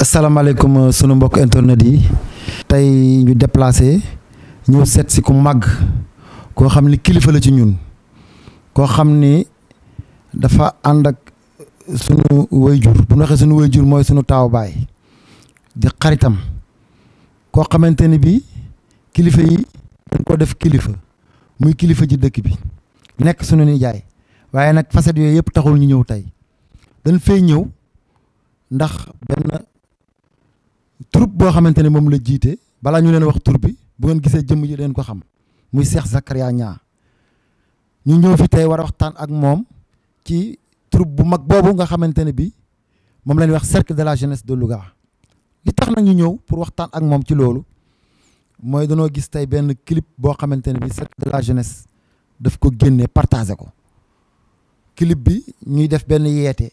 asalaamaaleykum euh, sunu mbokk internet yi tey ñu déplacé ñëw seet si ku màgg koo xam ni kilifa la ci ñun koo xam ni dafa ànd ak sunu wayjur bu ñu waxee sunu wayjur mooy sunu taaw baay di xaritam koo xamante ni bi kilifa yi dañ ko def kilifa muy kilifa ji dëkk bi nekk sunu nijaay waaye nag facette yooyu yëpp taxul ñu ñëw tey dañ fay ñëw ndax benn troupe boo xamante ne moom la jiite balaa ñu leen wax troupe bi bu ngeen gisee jëmm ji leen ko xam muy seex Zakaria ñaa ñu ñëw fi tey war a waxtaan ak moom ci troupe bu mag boobu nga xamante ne bi moom la wax cercle de la jeunesse de Louga li tax nag ñu ñëw pour waxtaan ak moom ci loolu mooy danoo gis tey benn clip boo xamante ne bi cercle de la jeunesse daf ko génnee partagé ko clip bi ñuy def benn yeete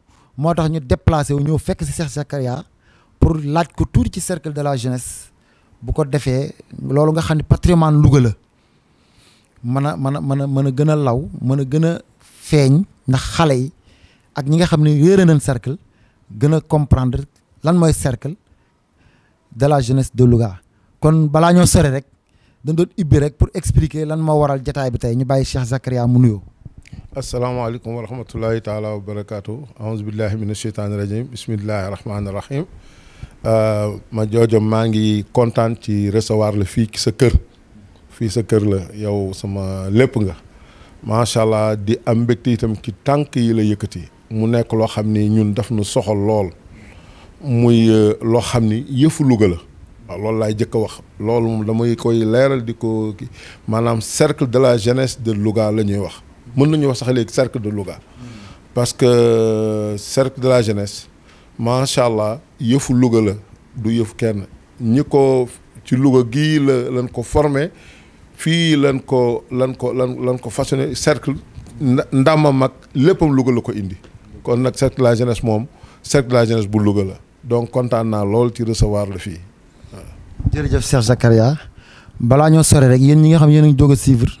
moi dans ñu déplacé au fait si Cheikh pour que culture cercle de la jeunesse bu ko nga patrimoine Louga la a mën a ak ñi nga nañ cercle comprendre lan cercle de la jeunesse de Louga kon ñoo rek dañ pour expliquer lan Cheikh Zakaria mu السلام عليكم ورحمة الله تعالى وبركاته أعوذ بالله من الشيطان الرجيم بسم الله الرحمن الرحيم ما جوجو مانجي كونتان تي ريسوار لفي سكر في سكر لا يو سما لبنغا ما شاء الله دي أمبكتي تم كي تانكي يلا يكتي مونا كلو خمني نيون دفن سخو لول موي لو خمني يفو لغلا لول لاي جكا وخ لول لما يكوي ليرل ديكو مانام سيركل دلا جنس دل لغا لنيو وخ mën nañu wax sax léegi cercle de Louga parce que euh, cercle de la jeunesse macha allah yëfu Louga la du yëfu kenn ñi ko ci Louga gii la lan ko formé fii lan ko lan ko lan ko façonné cercle ndama mag léppam Louga la ko indi kon nag cercle la jeunesse mom, cercle de la jeunesse bu Louga la donc kontaan naa lool ci recevoir la fii waaw. jërëjëf Cheikh Zakaria balaa ñoo sore rek yéen ñi nga xam yéen a ngi jóg a suivre.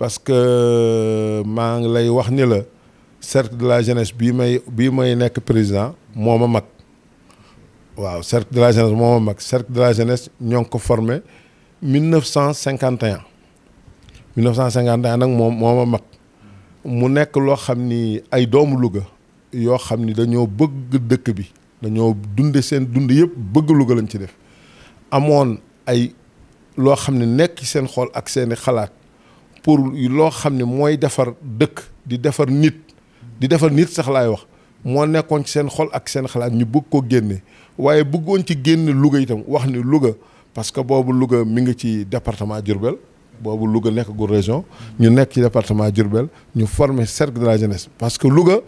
parce que maa lay wax ni la cercle de la jeunesse bi may bi may nek président moma mak waaw cercle de la jeunesse moma mak cercle de la jeunesse ñong ko formé 1951 1951 nak moma mak mu nek lo xamni ay doomu Louga yo xamni dañoo bëgg dëkk bi dañoo dundé sen dund yëpp bëgg Louga lañ ci def amone ay lo xamni nek ci sen xol ak sen xalaat pour loo xam ne mooy defar dëkk di defar nit di defar nit sax laay wax moo nekkoon ci seen xol ak seen xalaat ñu bëgg ko génne waaye bëggoon ci génne Louga itam wax ni Louga parce que boobu Louga mi ngi ci département Diourbel boobu Louga nekk gu région ñu nekk ci département Diourbel ñu former cercle de la jeunesse parce que Louga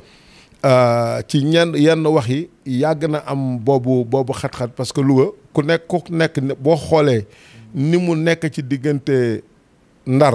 euh, ci ñenn yenn wax yi yàgg na am boobu boobu xat-xat parce que Louga ku nekk ku nekk boo xoolee ni mu nekk ci diggante Ndar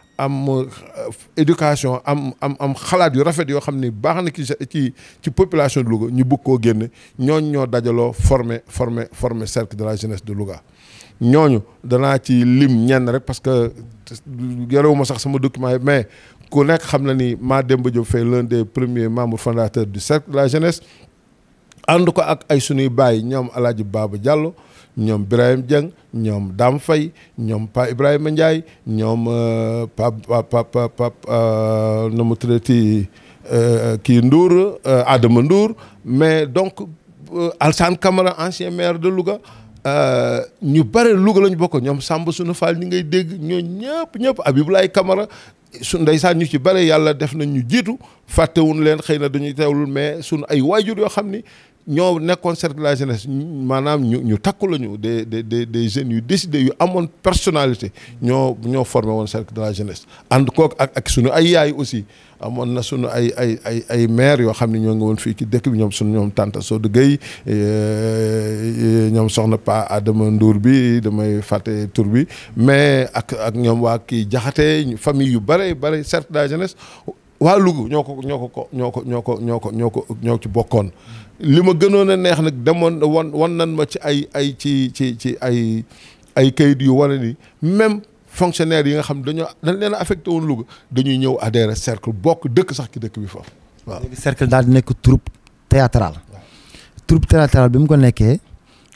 am euh, éducation am am am xalaat yu rafet yoo xam ni baax na ci ci ci population de Louga ñu bëgg koo génne ñooñ ñoo dajaloo former former former cercle de la jeunesse de Louga ñooñu danaa ci lim ñenn rek parce que yorewuma sax sama document yi mais ku nekk xam na ni Mademba Diop Faye l'un des premier membres fondateurs du cercle de la jeunesse ànd ko ak ay sunuy baay ñoom Alaaji Baaba Diallo ñoom Birahim Dieng ñoom Dame fay ñoom Pa Ibrahima Ndiaye ñoom euh, Pa Pa Pa Pa euh, nu mu tuddati euh, kii Ndour Adama Ndour mais donc Alsane Camara ancien maire de Louga ñu bare Louga lañu bokk ñoom Samba sunu Fall ñi ngay dégg ñoo ñëpp ñëpp Abibulaay Camara su ndeysaan ñu ci bare yàlla def nañ ñu jiitu fàttewuñ leen xëy na dañuy teewlul mais sunu ay waajur yoo xam ni ñoo nekkoon cercle de la jeunesse maanaam ñu ñu takku lañu des des des des jeunes yu décidé yu amoon personalité ñoo ñoo formé woon cercle de la jeunesse ànd kook ak ak sunu ay yaay aussi amoon na sunu ay ay ay ay maire yoo xam ne ñoo ngi woon fii ci dëkk bi ñoom sunu ñoom Tante Sodou Gueye euh, ñoom soxna Pa Adama nduur bi damay fàtte tur bi mais ak ak ñoom waa kii jaxate famille yu bare bare cercle de la jeunesse waa Louga ñoo ko ñoo ko ñoo ko ñoo ko ñoo ko ñoo ko ñoo ci bokkoon li ma gënoon a neex nag demoon wan wan nan ma ci ay ay ci ci ci ay ay kayit yu wane nii même fonctionnaire yi nga xam dañoo dañ leen a affecté woon Louga dañuy ñëw adhéré cercle bokk dëkk sax ki dëkk bi foofu waaw. léegi cercle daal di nekk troupe théâtrale. troupe théâtrale bi mu ko nekkee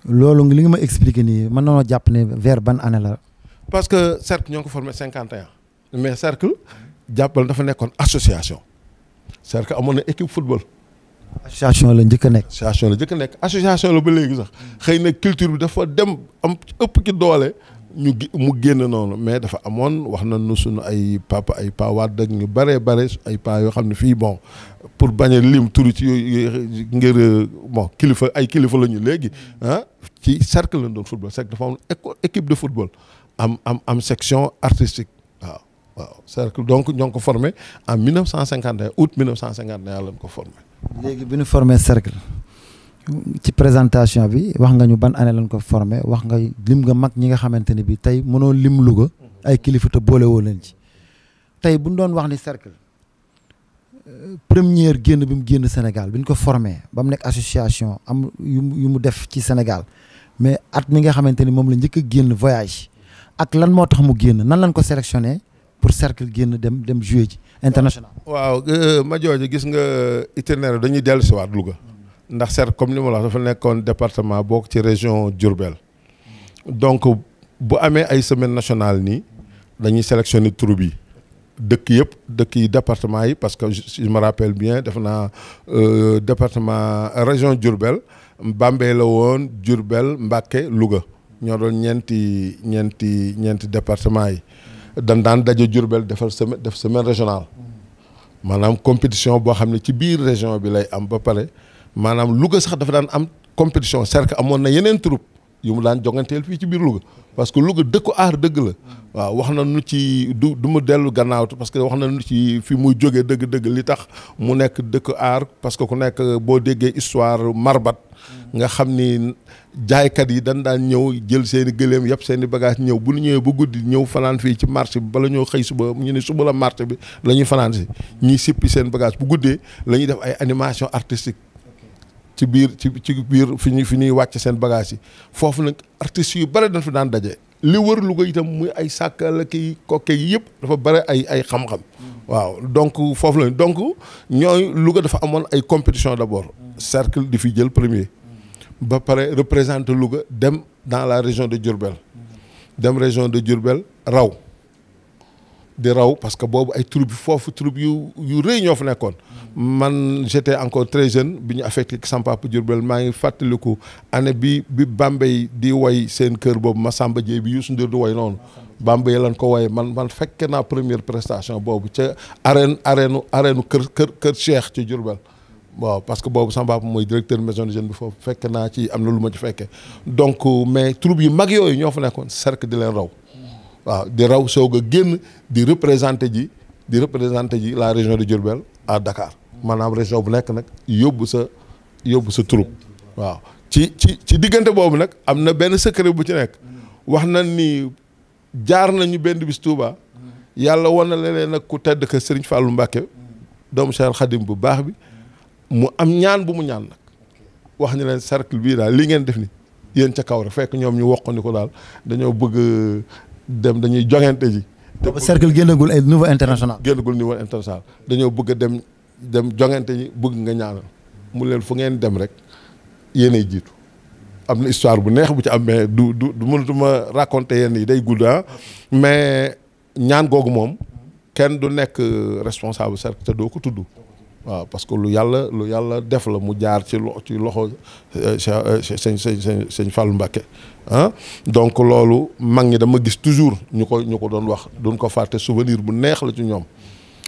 loolu ngi li nga ma expliqué nii mën na jàpp ne ver ban année la. parce que cercle ñoo ngi ko formé cinquante et mais cercle jàppal dafa nekkoon association cercle amoon na équipe football. association la njëkk nek association la njëkk nek association la ba léegi sax xeyna culture bi dafa dem am ëpp ki doole ñu mu génn noonu mais dafa amoon wax na nu suñu ay papa ay pa waat ak ñu bare bare ay pa yoo xam ne fii bon pour bañ a lim turu ci ngir bon kilifa ay kilifa la ñu léegi ah ci cercle lañ doon football cercle dafa am équipe de football am am am section artistique waaw. waaw cercle donc ñoo ko formé en 1951 août 1951 lañ ko formé. léegi bi ñu formé cercle ci présentation bi wax nga ñu ban année lañ ko formé wax nga lim nga mag ñi nga xamante ne bi tey mënoo lim Louga ay kilifa te boolewoo leen ci tey bu ñu doon wax ni cercle euh, première génn bi mu génn Sénégal bi ñu ko formé ba mu nekk association am yu yu mu def ci Sénégal mais at mi nga xamante ni moom la njëkk a génn voyage ak lan moo tax mu génn nan lañ ko sélectionné pour cercle génn dem dem jouer ci international. waaw euh, ma jooju gis nga euh, itinéraire dañuy dellu si waat Louga. ndax certes comme ni ma la wax dafa nekkoon département Bok, ci région d'Urbel. donc bu amee ay semaine nationale nii. dañuy sélectionner troupe yi. qui, yëpp dëkk yi département yi parce que je me rappelle bien def un euh, département région d'Urbel, Bambey la woon Diourbel Mbaké, Louga ñoo doon ñeenti ñeenti ñeenti département yi dañ daan daje Diourbel defal semaine def semaine régionale manam compétition bo xamné ci biir région bi lay am ba pare maanaam Louga sax dafa daan am compétition cercle amone na yeneen troupe yu mu daan jonganteel fii ci biir Louga parce que Louga dëkku aar dëgg la waaw wax na nu ci du du mu dellu gannaaw parce que wax na nu ci fi muy jógee dëgg-dëgg li tax mu nekk dëkku aar parce que ku nekk boo déggee histoire marbat nga xam ni jaaykat yi dan daan ñëw jël seen i gëléem yëpp seeni i bagage ñëw bu ñu ñëwee ba guddi ñëw fanaan fii ci marché bi bala ñëw xëy suba ñu ne suba la marché bi la ñuy fanaan si ñuy sippi seen bagage bu guddee la ñuy def ay animation artistique ci biir ci ci biir fi ñuy fi ñuy wàcce seen bagage yi foofu nag artistes yu bare dañ fi daan daje li wër Louga itam muy ay sàkkal ki kokke yi yëpp dafa bari ay ay xam-xam waaw donc foofu la donc ñooy Louga dafa amoon ay compétition d'abord cercle di fi jël premier ba pare représenter Louga dem dans la région de Diourbel dem région de Diourbel raw di raw parce que boobu ay troupe foofu troupe yu yu rëy ñoo fu nekkoon man j'étais encore très jeune biñu ñu affecté sama papa djourbel maa ngi ko ané bi bi Bambey di woy cœur kër ma samba djé bi Youssou Ndour di woy non, Bambey lan ko woye man man fekke na première prestation bobu ci arène arène arène cœur cœur cœur Cheikh ci djourbel waaw parce que bobu sama papa mooy directeur maison de jeune bi foofu fekk na ci amna na ci fekke donc euh, mais troupe yi mag yoy ñofu fa cercle di len raw waaw di raw soog a génn di représenté ji di représenté ji la région de Djourbel à Dakar maanaam région bu nekk nag yóbbu sa yóbbu sa troupe waaw ci ci ci diggante boobu nag am na benn secret bu ci nekk wax na ni jaar nañu benn bis Touba yàlla wan na leen nag ku tedd ka sëriñ Fallou Mbacké doomu Cheikh Khadim bu baax bi mu am ñaan bu mu ñaan nag wax ñu leen cercle bii daal lii ngeen def ni yéen ca kaw rek fekk ñoom ñu wokk ni ko daal dañoo bëgg dem dañuy jongante ji. te cercle génnagul ay niveau international. génnagul niveau international dañoo bëgg dem dem jongante ñi bëgg nga ñaanal mu leen fu ngeen dem rek yéenay jiitu am na histoire bu neex bu ci am mais du du du ma raconter yenn yi day gudd ah. mais ñaan googu moom kenn du nekk responsable cercle te doo ko tudd waaw parce que lu yàlla lu yàlla def la mu jaar ci lo ci loxo euh, euh, sëñ sëñ sëñ Fallou Mbacké ah donc loolu mag ñi dama gis toujours ñu ko ñu ko doon wax duñ ko fàtte souvenir bu neex la ci ñoom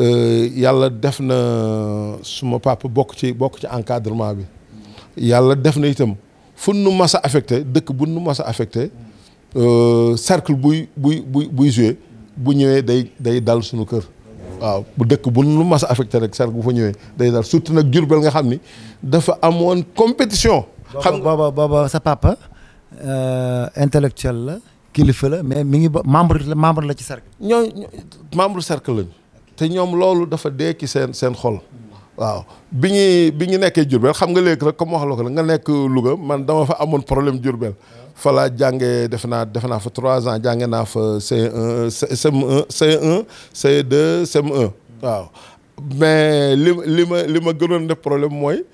Euh, yàlla def na suma papa bokk ci bokk ci encadrement bi yàlla def na itam fun nu mas a affecté dëkk bu nu mas a affecté euh, cercle buy buy buy buy joué bu ñëwee day day dal suñu kër waaw bu dëkk bu nu mas a affecté rek cercle bu fa ñëwee day dal surtout nag Jurbel nga xam ni dafa amoon compétition xam booba booba sa papa euh, intellectuel la kilifa la mais mi ngi membre la membre la ci cercle ñoo membre cercle lañu te ñoom loolu dafa dee ci seen seen xol waaw bi ñuy bi ñu nekkee Diourbel xam nga léegi rek comme wax la ko nga nekk luga man dama fa amoon problème Diourbel fa laa jàngee def naa def naa fa trois ans jànge naa fa C1 CM1 C1 c waaw mais li li ma li ma gënoon ne problème mooy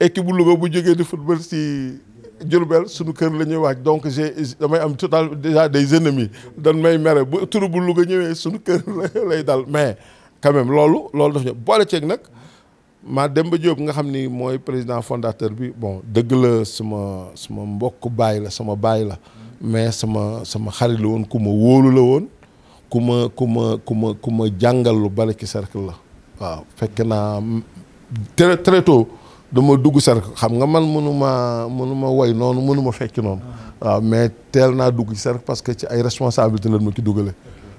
équipe bu Louga bu jógee di football si Diourbel suñu kër la ñuy waaj donc j'ai damay am total déjà des ennemis dan may mere bu tur bu Louga ñëwee suñu kër lay dal mais quand loolu loolu dafa ñu boole ceeg nag maa dem Demba Diop nga xam ni mooy président fondateur bi bon dëgg la sama sama mbokk baay la sama baay la mais sama sama xarit la woon ku ma wóolu la woon ku ma ku ma ku ma ku ma jàngal lu bari ci cercle la waaw fekk naa très très tôt dama dugg cercle xam nga man mënuma mënuma woy noonu mënuma fekk noonu ah. waaw mais teel naa dugg ci cercle parce que ci ay responsabilité la ma ci dugale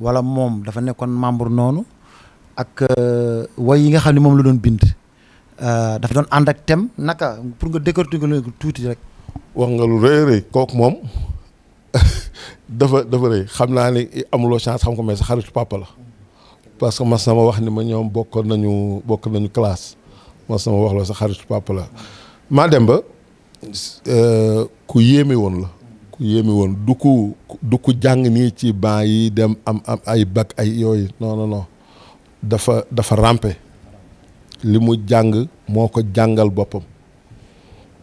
wala moom dafa nekkoon membre noonu ak euh, way yi nga xam ne moom la doon bind euh, dafa doon ànd ak thème naka pour nga décortiquer tuuti rek. wax nga lu rëy rëy kooku moom dafa dafa rëy xam naa ne amuloo chance xam ko mais sa xaritu papa la parce que ma sama wax ni ma ñoom bokkoon nañu bokk nañu classe mas sama ma wax la sa xaritu papa la maa dem ba euh, ku yéeme woon la. yéeme won du ko du ko jàng nii ci bay yi dem am am ay bac ay yoy non non non dafa dafa ramper limu jang moko jangal bopam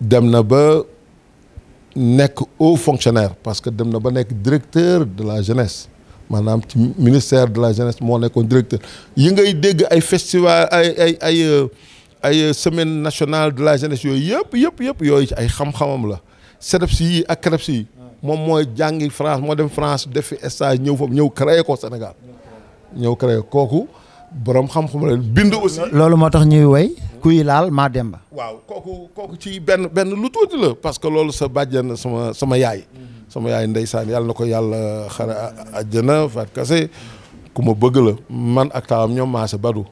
dem na ba nek haut fonctionnaire parce que dem na ba nek directeur de la jeunesse maanaam ci ministère de la jeunesse mo nekkoon directeur yi ngay dégg ay festival ay ay ay ay semaine nationale de la jeunesse yooyu yëpp yëpp yëpp yooyu ay xam-xamam la CREPS ci ak CREPS moom mooy jàngi France moo dem France def fi stage ñëw foofu ñëw créé ko Sénégal ñëw créé kooku boroom xam-xam la bind aussi. loolu moo tax ñuy woy kuy laal maa demba. waaw kooku kooku ci benn benn lu la parce que loolu sa bàjjen sama sama yaay. sama yaay ndeysaan yàlla na ko yàlla xare àjjana faat kase ku ma bëgg la man ak taawam ñoom maase badu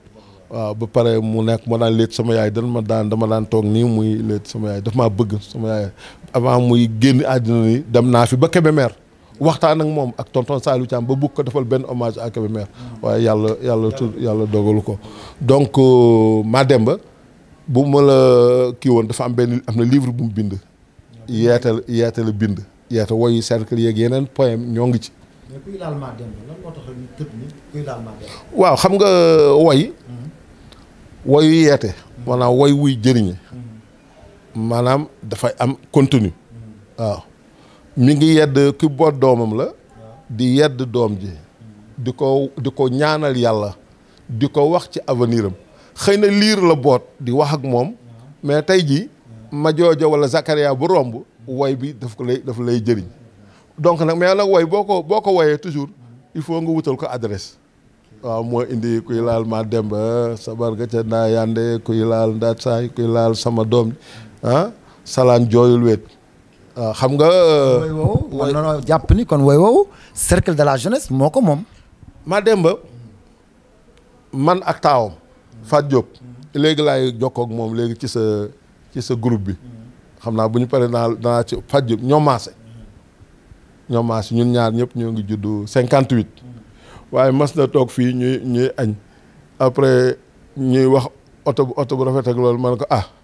waaw ba pare mu nekk ma daan léet sama yaay dan ma daan dama daan toog nii muy léet sama yaay daf maa bëgg sama yaay avant muy génn àddina ni dem naa fi ba Kébémer waxtaan ak moom ak tonton Saliou Thiam ba bugg ko defal benn hommage à Kébémer waaye yàlla yàlla yàlla dogalu ko donc euh, Mademba bu ma la kii woon dafa am benn am na livre bu mu bind yeete la bind yeete woyu cercle yeeg yeneen poème ñoo ngi ci waaw xam nga woy mhm. woyu yeete maanaam woy wuy jëriñe mhm. maanaam dafay am continue waaw mi ngi yedd ki boot doomam la di yedd doom ji di ko di ko ñaanal yàlla di ko wax ci avenir xëy na liir la boot di wax ak moom mais tey ji ma joojo wala Zakaria bu romb woy bi daf ko lay daf lay jëriñ donc nag mais nag woy boo ko boo ko woyee toujours il faut nga wutal ko adresse waaw moo indi kuy laal ma demba sabar ga ca ndaa yande kuy laal ndaat saay kuy laal sama doom ji ah salaan jooyul weet ah, xam nga. Euh, woy woowu man noonu jàpp ni kon woy woowu cercle de la jeunesse moo ko moom. ma demba man ak taawam. Fat Diop léegi laay jokkook moom léegi ci sa ci sa groupe bi. xam naa bu ñu paree naa danaa ci Fat Diop ñoo maase. ñoo maase ñun ñaar ñëpp ñoo ngi juddu cinquante huit. waaye mas na toog fii ñuy ñuy añ après ñuy wax oto bu oto bu rafet ak loolu man ko ah.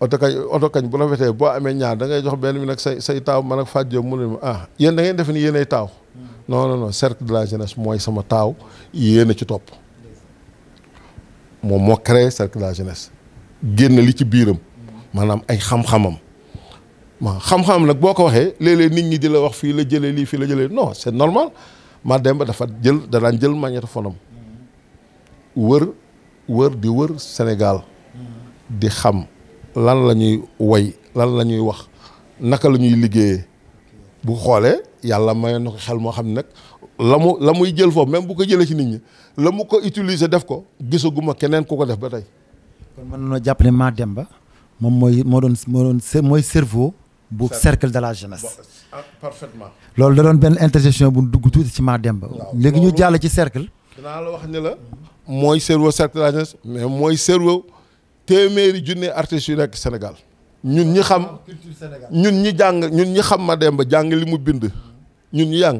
oto kañ oto kañ bu boo amee ñaar da jox benn bi nag say say taaw man ak Fatou Diop mu ne ah yéen da ngeen def ni yéenay taaw hmm. non non non cercle de la jeunesse mooy sama taaw yéen a ci topp moom moo créé cercle de la jeunesse génn li ci biiram maanaam ay xam-xamam ma xam-xam nag boo ko waxee léeg nit ñi di la wax fii la jëlee lii fii la jëlee non c'est normal ma dem ba dafa jël da daan jël magnétophone am hmm. wër wër di wër Sénégal hmm. di xam. lan lañuy way lan lañuy wax naka lañuy ñuy bu xolé yalla may na ko xel mo xam nak lamu lamuy jël foofu même bu ko jël ci nit ñi lamu ko utiliser def ko gisaguma keneen ko ko def ba tay kon mën nañoo jàpp ne Mademba mom moy moo doon moo doon mooy cerveau. bu cercle de la jeunesse. Ah, parfaitement. loolu da doon ben interjection bu dugg tout ci ma Mademba. légui ñu jall ci cercle. dinaa la wax ni la. moy cerveau cercle de la jeunesse mais moy cerveau. téeméeri junne artistes yu nekk senegal ñun ñi xam ñun ñi jàng ñun ñi xam ma Mademba jàng li mu bind ñun ñi jàng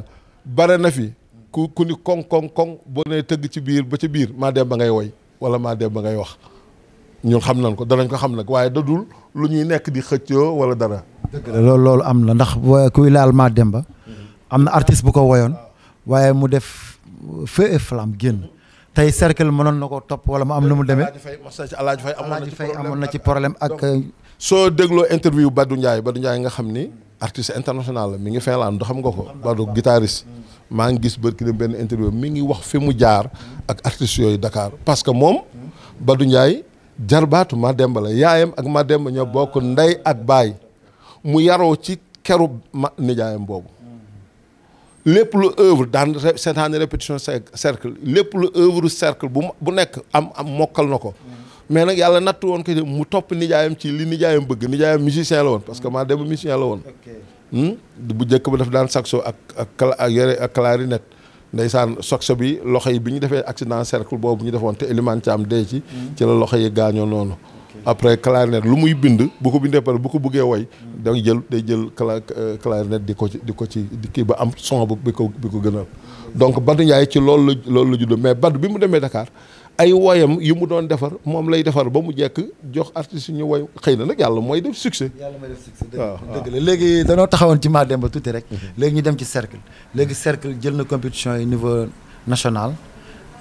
bare na fi ku ku ni koŋ koŋ koŋ boo nee tëgg ci biir ba ci biir Mademba ngay woy wala Mademba ngay wax ñun xam nañ ko danañ ko xam nag waaye dadul lu ñuy nekk di xëccoo wala dara. dëgg loolu loolu am na ndax kuy laal demba am na artiste bu ko woyoon waaye mu def feu et flamme génn. tay cercle monon nako top wala mu am numu demé demee Fay na ci problème ak. so deglo interview Badou Ndiaye Badou Ndiaye nga xamni artiste international mi ngi do xam nga ko Badou guitariste ma ngi gis barki dem interview mi ngi wax fi mu jaar ak artiste yoy Dakar parce que mom Badou Ndiaye jarbaatu Mademba la yaayam ak Mademba ñoo bok ndey ak bay mu yaro ci kéro nijaayam lépp lu œuvre daan seetaan répétition cercle lépp lu œuvre cercle bu bu nekk am am mokkal na ko mais nag yàlla nattu woon ko mu topp nijaayam ci li nijaayam bëgg nijaayam musicien la woon parce que maa dem musicien la woon hmm? bu njëkk ba daf daan saxo ak ak ak yore ak clarinette ndeysaan saxo bi loxo yi bi ñu defee accident cercle boobu ñu defoon te Elimane Thiam dee ci hmm. ci la loxo yi gaañoo noonu après clarinette lu muy bind bu ko bindee pare bu ko buggee woy da jël day jël cla euh, clarinette di ko ci di ko ci kii ba am son bi ko bi ko gënal donc Badou Ndiaye ci loolu la loolu la juddoo mais Badou bi mu demee Dakar ay woyam yi mu doon defar moom lay defar ba mu jekk jox artistes yi ñu woy xëy na nag yàlla mooy def succès. yàlla mooy def succès léegi danoo taxawoon ci Mademba tuuti rek. léegi ñu dem ci cercle. léegi cercle jël na compétition yi niveau national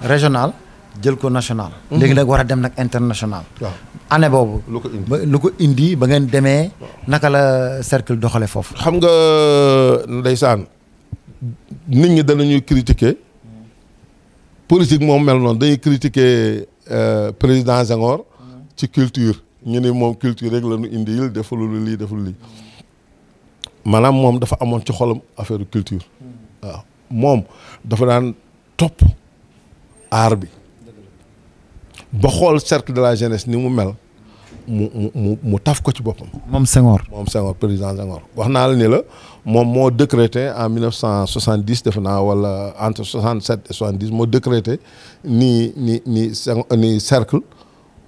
régional. jël ko national. Mhm. léegi nag war a dem nag international. année boobu. lu ko indi ba lu ko indi ba ngeen demee. naka la cercle doxale foofu. xam nga ndeysaan nit ñi dana ñuy critiquer politique moom mel noonu dañuy critiquer euh, président Senghor. ci culture ñu ni moom culture rek la ñu indil defalul lii deful lii maanaam moom dafa amoon ci xolam affaire culture. Hmm. waaw moom dafa daan topp aar bi. ba cercle de la jeunesse ni mu mel mu mu mu taf ko ci bopam mom Senghor mom Senghor président Senghor wax naa la ne la décrété en 1970 defe naa wala entre 67 et 70 mo décrété ni ni ni ni cercle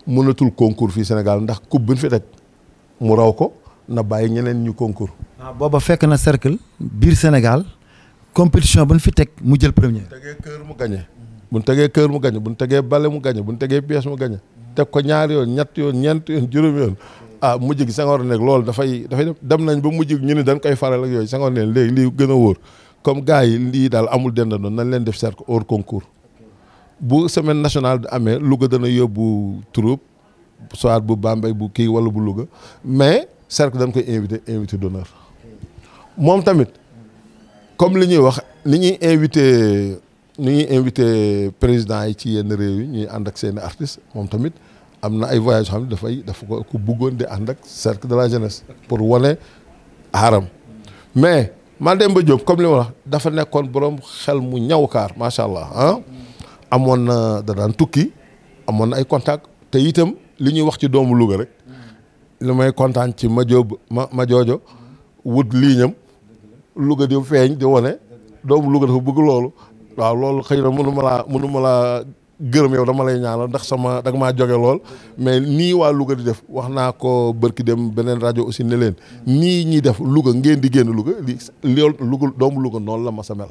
mënatul concours fi Sénégal ndax coupe bi fi tek mu raw ko na baye ñeneen ñu concours. waaw ah, booba fekk na cercle bir Sénégal compétition bu fi tek mu jël premier. tegee cœur mu gagner bu ñu tegee kër mu gañe bu ñu tegee bale mu gañe bu ñu tegee pièce mu gañe teg ko ñaari yoon ñett yoon ñeent yoon juróom yoon ah mujj gi Senghor nekk loolu dafay dafay dem nañ ba mu gi ñu ne dañ koy faral ak yooyu Senghor ne léegi lii gën a wóor comme gars yi lii daal amul dendandoon nañ leen def cercle hors concours bu semaine nationale bi amee Louga dana yóbbu troupe soit bu baambay bu kii wala bu Louga mais cercle dañ koy invité invité d'honneur moom tamit comme li ñuy wax li ñuy invité ñu ngi invité président yi ci yenn réew yi ñuy ànd ak seeni artistes moom tamit am na ay voyages xam ne dafay dafa ko ku buggoon di ànd ak cercle de la jeunesse pour wane aaram mais Mademba Diop comme li ma wax dafa nekkoon borom xel mu ñaw ñawkaar macha allah ah amoon na da daan tukki amoon na ay contact te itam li ñuy wax ci doomu Louga rek li may kontaan ci ma Diop ma ma joojo wut lii ñam Louga di feeñ di wane doomu Louga dafa bëgg loolu waaw loolu xëy na mënu ma laa mënu ma laa gërëm yow dama lay ñaanal ndax sama dag maa joge lool mais nii waa Louga di def wax naa ko bërki dem beneen rajo aussi ne leen nii ñuy def Louga ngéen di génn Louga li loolu Louga doomu Louga noonu la ma sa mel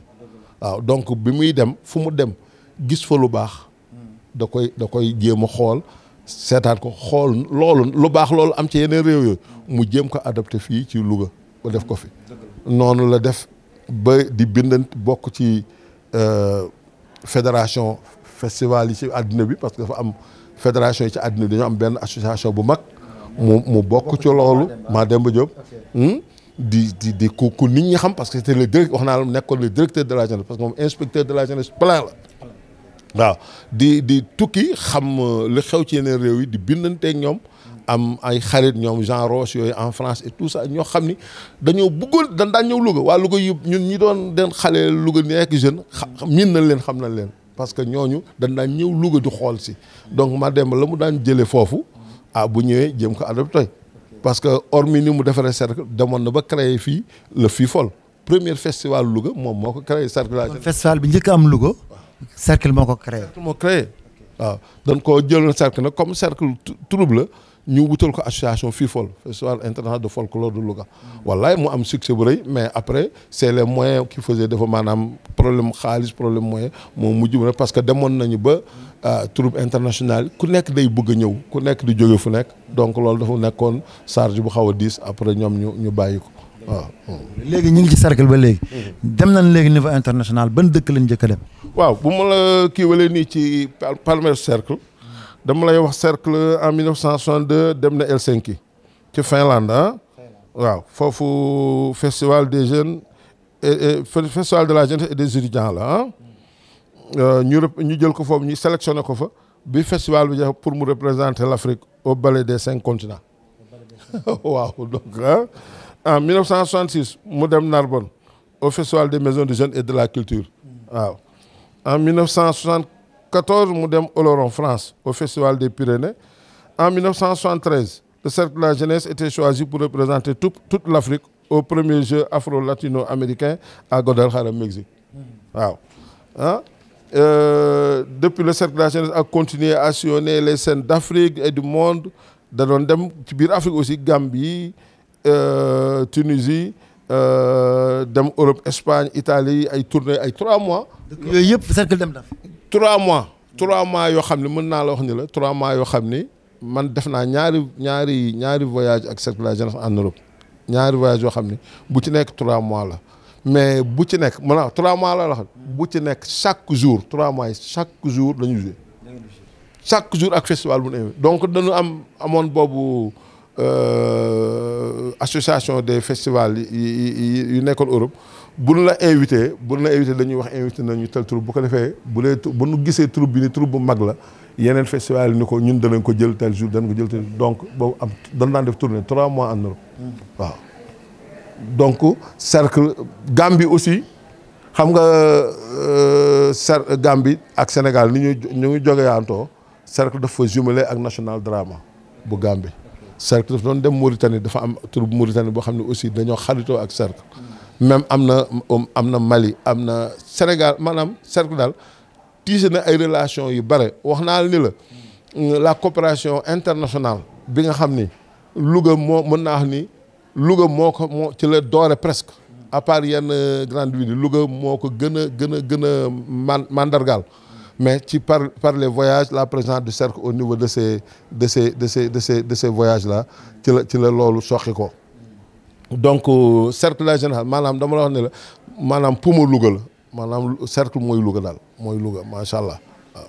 waaw donc bi muy dem fu mu dem gis fa lu baax da koy da koy jéem a xool seetaan ko xool loolu lu baax loolu am ci yeneen réew yooyu mu jéem ko adapté fii ci Louga ba def ko fi noonu la def ba di bindant bokk ci Euh, fédération festival ici à àddina bi parce que dafa am fédération ici à àddina bi dañoo am benn association bu mag mu mu bokk ci loolu Mademba Diop hmm? di di di xam parce que c'était le direct on a le directeur de la jeunesse parce que moom inspecteur de la jeunesse plein la waaw di di tukki xam euh, le xew ci yeneen réew yi di bindanteeg ñoom am ay xarit ñoom Jean Roche en France et tout ça ñoo xam ni dañoo dañ ñëw Louga waa Louga ñun ñi doon den jeune nañ leen xam parce que ñooñu dañ daan ñëw Louga di donc Madame, la mu daan foofu ah bu ñëwee jëm parce que hormis ni mu defaree cercle demoon na ba créé le FIFOL premier festival Louga moom moo ko cercle festival bi njëkk am cercle moo ko créé cercle moo créé cercle comme cercle trouble ñu wutal ko association FIFOL festival international de folklore de Louga wallaay mu am succès bu rëy mais après c' est les moyens qui faisaient dafa maanaam problème xaalis problème moyen moo mujj rek parce que demoon nañu ba euh, troupe internationale ku nekk day bëgg ñëw ku nekk di jóge fu nekk donc loolu dafa nekkoon charge bu xaw a diis après ñoom ñu ñu bàyyi ko waaw. léegi ñu ngi ci cercle ba léegi. dem nañ léegi niveau international ban dëkk lañ njëkk a dem. waaw bu ma la nii ci palmer cercle. suis allé au cercle en 1962 dem na Helsinki ci Finlande ah. waaw festival des jeunes et festival de la jeunesse et des étudiants là. ah. Mm. Euh, ñu ñu jël sélectionné le festival pour nous représenter l'Afrique au ballet des cinq continents. waaw donc je ah. en 1966 mu Narbonne au festival des maisons des Jeunes et de la culture mm. en 1964, 14 Moudem Olor en France au Festival des Pyrénées en 1973 le cercle de la jeunesse était choisi pour représenter toute l'Afrique au premier jeu afro-latino-américain à Guadalajara Mexique hmm. hein? euh, depuis le cercle de la jeunesse a continué à sillonner les scènes d'Afrique et du monde da Afrique aussi Gambie euh, Tunisie euh, Europe Espagne Italie ay tourné trois mois. Donc, le cercle la trois mois trois mois yo xamni ni trois mois je suis man def na ñaari ñaari ñaari voyage ak Cercle de en Europe voyage trois mois mais bu trois mois la bu chaque jour trois mois chaque jour chaque jour ak festival donc dañu am de euh association des festivals yu Europe buñ la invité buñ la invité dañuy wax invité nañu tel troupe bu ko defee bu dee bu nu troupe bi ni troupe bu mag la yeneen festival ni ko ñun danañ ko jël tel jour danañ ko jël tel donc boobu am dañ daan def tournée trois mois en Europe hmm. waaw donc cercle Gambie aussi xam nga euh, cercle Gambie ak Sénégal ni ñuy ñu ngi anto. cercle dafa jumelé ak national drama bu Gambie cercle dafa doon dem Mauritanie dafa am troupe Mauritanie boo xam aussi dañoo xaritoo ak cercle hmm même amna um, amna Mali amna Sénégal manam Sénégal, daal tiise na ay relation yu bare waxna ni la euh, la coopération internationale bi nga xamni Louga mo mën na wax ni Louga moko ci le doré presque à part yenn euh, grande ville Louga moko gëna gëna gëna mandargal mais ci par par les voyages la présence du cercle au niveau de ces de ces de ces de ces de ces voyages là ci la ci la lolu soxiko donc euh, cercle la général manam dama la wax ni la maanaam pouma Louga la cercle mooy Louga daal mooy Louga allah waaw.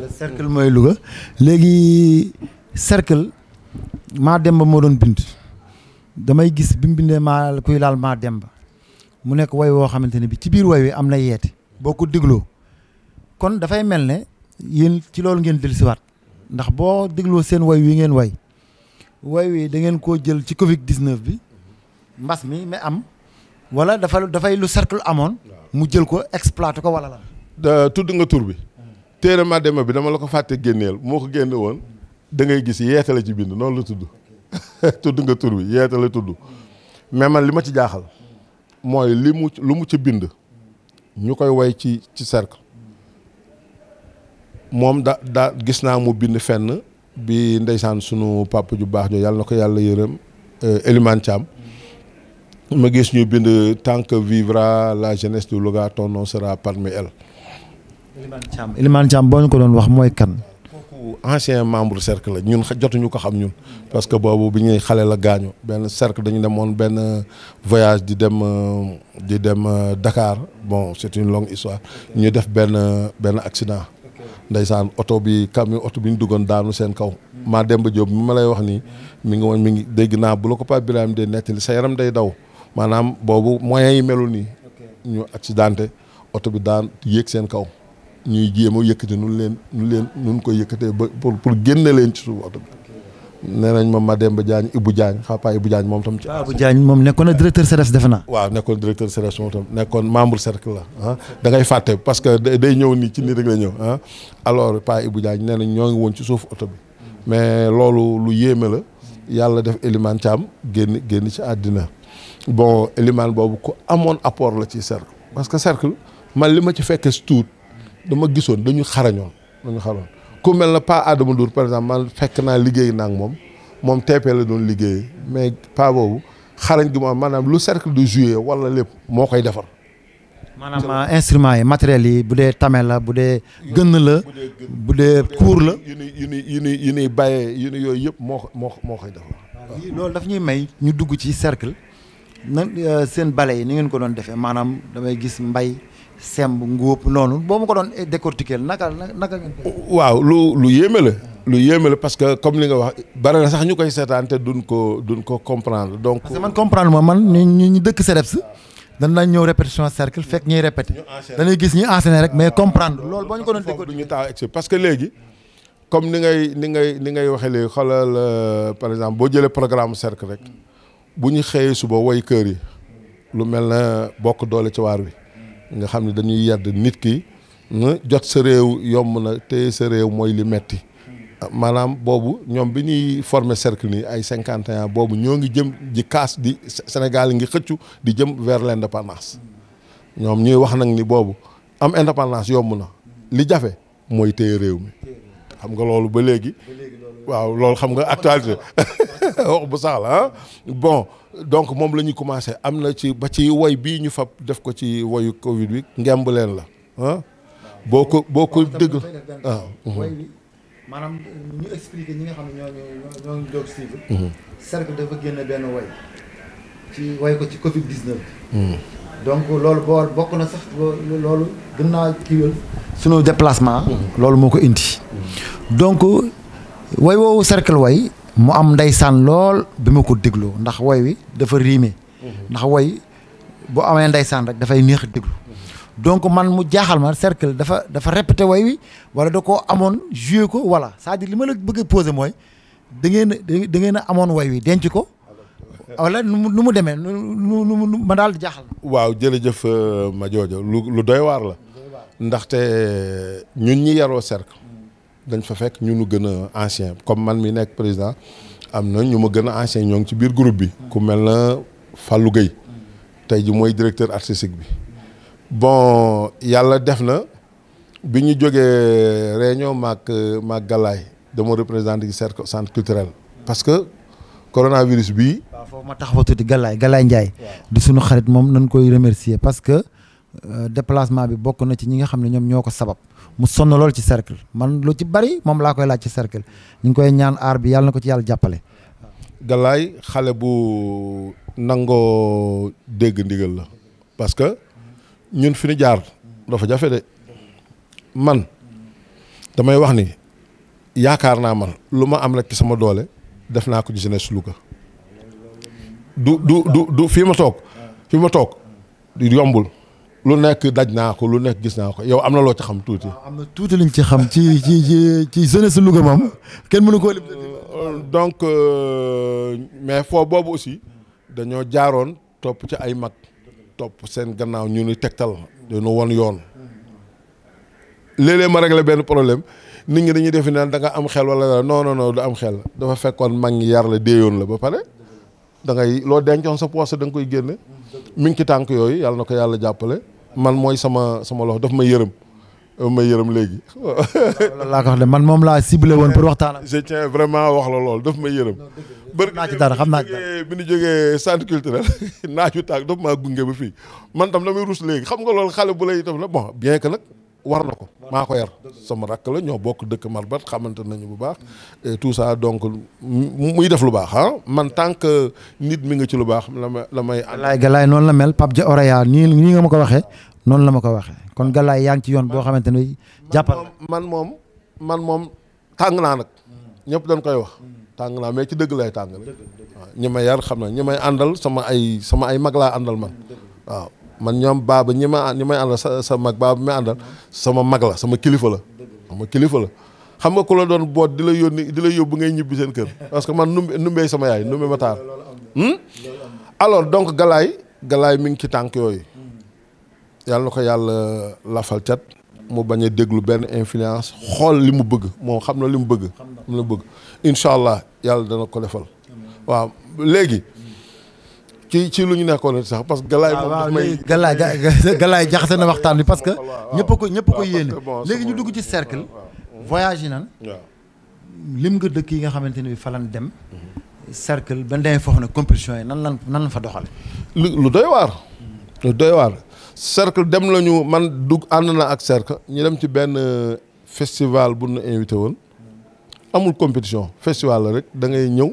la cercle moy lugal legui cercle ma demba mo don bind damay gis bim binde ma kuy lal ma demba mu nek way wo xamanteni bi ci bir way wi amna yete yeete kon da fay melne yeen ci lol ngeen wat ndax bo dégloo sen way wi ngeen way way wi da ngeen ko jël ci Covid 19 bi. mbas mi mi am wala dafa dafay lu cercle amoon mu jël ko exploité ko wala la tudd nga tur bi téere ma bi dama la ko fàtte génneel moo ko génne woon da ngay gis yeete la ci bind noonu la tudd tudd nga tur bi yeete la tudd mais man li ma ci jaaxal mooy li mu lu mu ci bind ñu koy woy ci ci cercle moom da daa gis naa mu bind fenn bi ndeysaan sunu papa ju baax jo yàlla na ko yàlla yërëm euh, Elimane Thiam ma gis ñu bind tant que vivra la jeunesse du Louga ton sera parmi elle. Elimane Thiam Elimane Thiam boo ñu ko doon wax mooy kan. kooku ancien membre cercle la ñun jotuñu ko xam ñun. parce que boobu bi ñuy xale la gaañu Ben, cercle dañu demoon ben voyage di dem euh, di dem euh, Dakar bon c'est une longue histoire ñu def ben, ben accident. Ndeysaan oto bi camion oto bi ñu duggoon daanu seen kaw. Mademba Diop mi ma lay wax nii mi ngi woon mi ngi dégg naa bu la ko Pape Birame dee sa yaram day daw. maanaam boobu moyens yi melul nii ñu accidente oto bi daan yéeg seen kaw ñuy jéem a yëkkati nun leen nun leen nun koy yëkkatee ba pour pour génne leen ci suuf oto bi nee nañ ma ba Mademba Diagne Ibou Diagne xapaa Ibou jaañ moom tam ci Ibou Diagne moom nekkoon na directeur CRES defe naa waaw nekkoon directeur CRES moom tam nekkoon membre cercle la dangay ah. da fàtte parce que day ñëw nii ci nii rek la ñëw ah alors paa Ibou Diagne nee nañ ñoo ngi woon ci suuf oto bi mais loolu lu yéeme la yàlla def Elimane Thiam génn génn ci àddina bon Elimane boobu ku amoon apport la ci cercle parce que cercle man li ma ci fekkee si tuut dama gisoon dañu xarañoon dañu xarañoon ku mel na Pa Adama Ndour par exemple man fekk naa liggéey naa ak moom moom TP la doon liggéey mais paa boobu xarañ gi moom maanaam lu cercle du jouer wala lépp moo koy defar. maanaam euh, instruments yi matériels yi bu dee tame la bu dee. gën la bu dee kuur la. yu ni yu ni yu ni yu ni bàyyee yu ni yooyu yëpp moo moo moo koy defar. loolu daf ñuy may ñu dugg ci cercle. na euh, seen bale yi ni ngeen ko doon defee maanaam damay gis mbay semb nguub noonu boo ma ko doon eh, décortiquer naka naka ngeen waaw lu lu yéeme la lu yéeme la parce que comme li nga wax bare na sax ñu koy seetaan te duñ ko duñ ko comprendre donc parce que man comprendre ma man ñu ñu dëkk CDEPS dan nañ ñëw répétition cercle fekk ñuy répété dañuy gis ñuy enseigné rek mais comprendre ah, loolu boo ñu ko doon décortiquer ñu taaw ex parce que léegi comme ni ngay ni ngay ni ngay waxee léegi xoolal euh, par exemple boo jëlee programme cercle rek bu ñu xëyee suba woy kër yi lu mel na bokk doole ci waar wi nga xam ne dañuy yedd nit ki jot sa réew yomb na téye sa réew mooy li metti maanaam boobu ñoom bi ñuy former cercle nii ay cinquante ans boobu ñoo ngi jëm ji kaas di Sénégal ngi xëccu di jëm vers l'indépendance ñoom ñuy wax nag ni boobu am indépendance yomb na li jafe mooy téye réew mi xam nga loolu ba léegi waaw loolu xam nga actualité wax bu sax la ah bon donc mom la ñu commencé am ci ba ci way bi ñu fa def ko ci wayu Covid bi ngemb len la Hein? Ah. Boko boko deug. ko dëgg waaw. manam ñu expliquer ñi nga xam ñoo ñoo ñoo dox suivre. Mhm. cercle dafa génn ben way. ci way ko ci Covid 19. Mhm. donc loolu boo bokk na sax lolou gën naa kiiwal. sunu déplacement. Mhm. lolou moko indi. donc. way woowu cercle woy mu am ndeysaan lool bi ma ko digloo ndax woy wi dafa riime mhm. ndax way bu amee ndeysaan rek dafay neex a mhm. donc man mu jaaxal ma cercle dafa dafa répété way wi wala da koo amoon joué ko voilà cest à li ma la bëgg a posé mooy da ngeen a da ngeen a amoon woy wi denc ko wala nu mu nu mu demee nu nu nu ma daal jaaxal. waaw jërëjëf euh, ma joojo lu lu doy waar la. ndaxte euh, ñun ñi yaroo cercle. dañ fa fekk ñu nu gën a ancien comme man mi nekk président am na ñu ma gën a ancien ñoo ngi ci biir groupe bi ku mel na Fallou Gueye tey ji mooy directeur artistique bi bon yàlla def na bi ñu jógee réunion maak maak Galaay dama représenté ci cercle centre culturel parce que coronavirus bi waaw foofu ma taxaw tuuti Galaay Galaay Ndiaye. du suñu xarit moom nañ koy remercier parce que euh, déplacement bi bokk na ci ñi nga xam ne ñoom ñoo ko sabab. mu sonn lol ci cercle man lu ci bari mom la koy laaj ci cercle ñu koy ñaan ar bi yalla nako ci yalla jappalé galay xalé bu nango deg ndigal la parce que ñun fi ñu jaar dafa jafé dé man damay wax ni yaakaar naa man luma am rek ci sama doole def na ko ci jeunesse luka du du du du ma tok fi ma di yombul. lu nekk daj naa ko lu nekk gis naa ko yow am na loo ci xam tuuti. am na tuuti luñ ci xam ci ci ci ci jeunesse Louga moom kenn mënu koo lim. Euh, mais foo boobu aussi dañoo jaaroon topp ci ay mag topp seen gannaaw ñu ni tegtal dañu won yoon. léeg-léeg ma réglé benn problème nit ñi dañuy defe naan da nga am xel wala non non du am xel dafa fekkoon mag ñi yar la déeyoon la ba pare. da ngay loo dencoon sa poche da nga koy génne. mi tànk yooyu yàlla na ko yàlla jàppale. man mooy sama sama loxo daf ma yërëm ma yërëm léegi. laa ko wax de man moom laa ciblé woon pour waxtaan ak. je vraiment wax la lool daf ma yërëm. bëri naa ci dara xam naa ci dara bi ñu jógee centre culturel naaju taag daf maa gunge ba fii man tam damay rus léegi xam nga lool xale bu lay def la bon bien que nag. war na ko maa ko yar sama rakk la ñoo bokk dëkk marbat xamante nañu bu baax tout ça donc muy def lu baax ah man tant que nit mi nga ci lu baax la may la may galaay galaay noonu la mel Pape Dia Oraya nii nii nga ma ko waxee noonu la ma ko waxee kon galaay yaa ngi ci yoon boo xamante ne jàppal man moom man moom tàng naa nag ñëpp dañ koy wax tàng naa mais ci dëgg lay tàng rek waaw ñi may yar xam na ñi may àndal sama ay sama ay mag laa àndal man waaw man ñoom baaba ñi ma ñi may àndal sa sa mag baaba may àndal sama mag la sama kilifa la sama kilifa la xam nga ku la doon boot di la yónni di la yóbbu ngay ñibbi seen kër parce que man numbe numbee sama yaay numbe ma taar hmm? alors donc galaay galaay mi ngi ci tànk yooyu yàlla na ko yàlla lafal cat mu bañ a déglu benn influence xool li mu bëgg moom xam na li mu bëgg xam na bëgg incha allah yàlla dana ko defal waaw léegi ci ci lu ñu nekkoon sax parce que. galaay ah, moom daf may galaay jaxase na waxtaan bi parce que. ñëpp ko ñëpp ko ah, yéene léegi ñu dugg ci cercle. Mm-hmm. voyage yi nan. lim nga dëkk yi nga xamante ni fa lan dem. cercle ba demee foofu nag compétition yi nan lan nan la fa doxale lu lu doy waar. lu doy waar cercle dem lañu man dugg ànd na ak cercle ñu dem ci benn euh, festival bu nu invité woon. amul compétition festival la rek da ngay ñëw.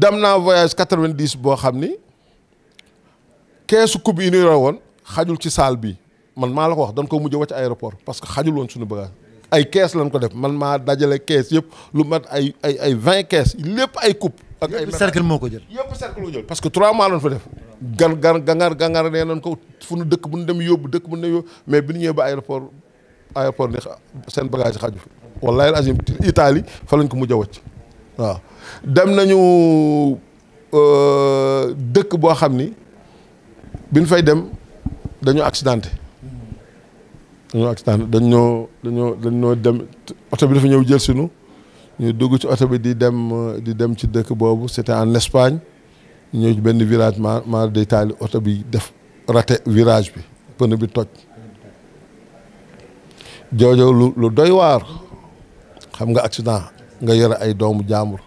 dem naa voyage quatre vingt boo xam ni keesu coupe yi ñu woon xajul ci salle bi man maa la ko wax dañ ko mujj wàcc aéroport parce que xajul woon suñu bagage ay kees lañ ko def man maa dajale kees yëpp lu mat ay ay ay vingt kees lépp ay coupe ak ay cercle moo ko jël. yëpp cercle moo parce que trois mois lañ fa def. gan gan gangar gangar nee nañ ko fu nu dëkk bu nu dem yóbbu dëkk bu nu dem yóbbu mais bi ñu ñëwee ba aéroport aéroport ni seen bagage xaju fi. wallaahi azim Italie fa lañ ko mujj a wàcc waaw. dem nañu euh, dëkk boo xam ni bi biñ fay dem dañu accidenté dañoo accidenté dañoo dañoo dañoo dem oto bi dafa ñëw jël sunu ñu dugg ci oto bi di dem euh, di dem ci dëkk boobu c'était en Espagne ñu benn virage ma ma day oto bi def raté virage bi pneu bi toj joojo lu lu doy waar xam nga accident nga yore ay doomu jàmbur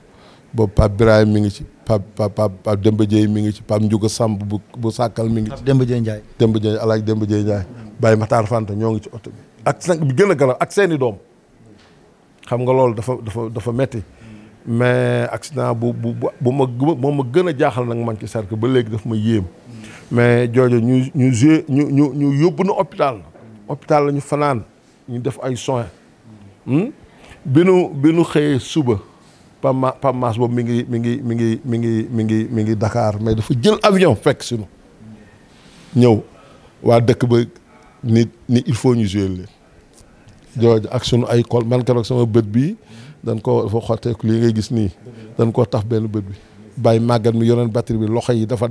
boobu Pape Birahim mi ngi ci Pape Pape Pape Demba Dieye mi ngi ci Pape Ndiouga Samb bu bu Sàkkal mi ngi ci. Pape Demba Dieye Ndiaye. Demba Dieye El Hadj Demba Dieye Ndiaye. Baye ñoo ngi ci oto bi. ak sànq gën a gën ak seeni doom xam nga loolu dafa dafa dafa metti mais accident bu bu bu ma ma gën a jaaxal nag man ci cercle ba léegi daf ma yéem mais joojo ñu ñu g ñu ñu ñu yóbbu na hôpital hôpital la ñu fanaan ñu def ay soins hmm? bi nu bi nu xëyee suba pas Ma Mass Dakar mais dafa jël avion fekk nous. il faut ñu jouer ak ay col man ko ngay gis ni, dañ taf ben bi batterie bi yi dafa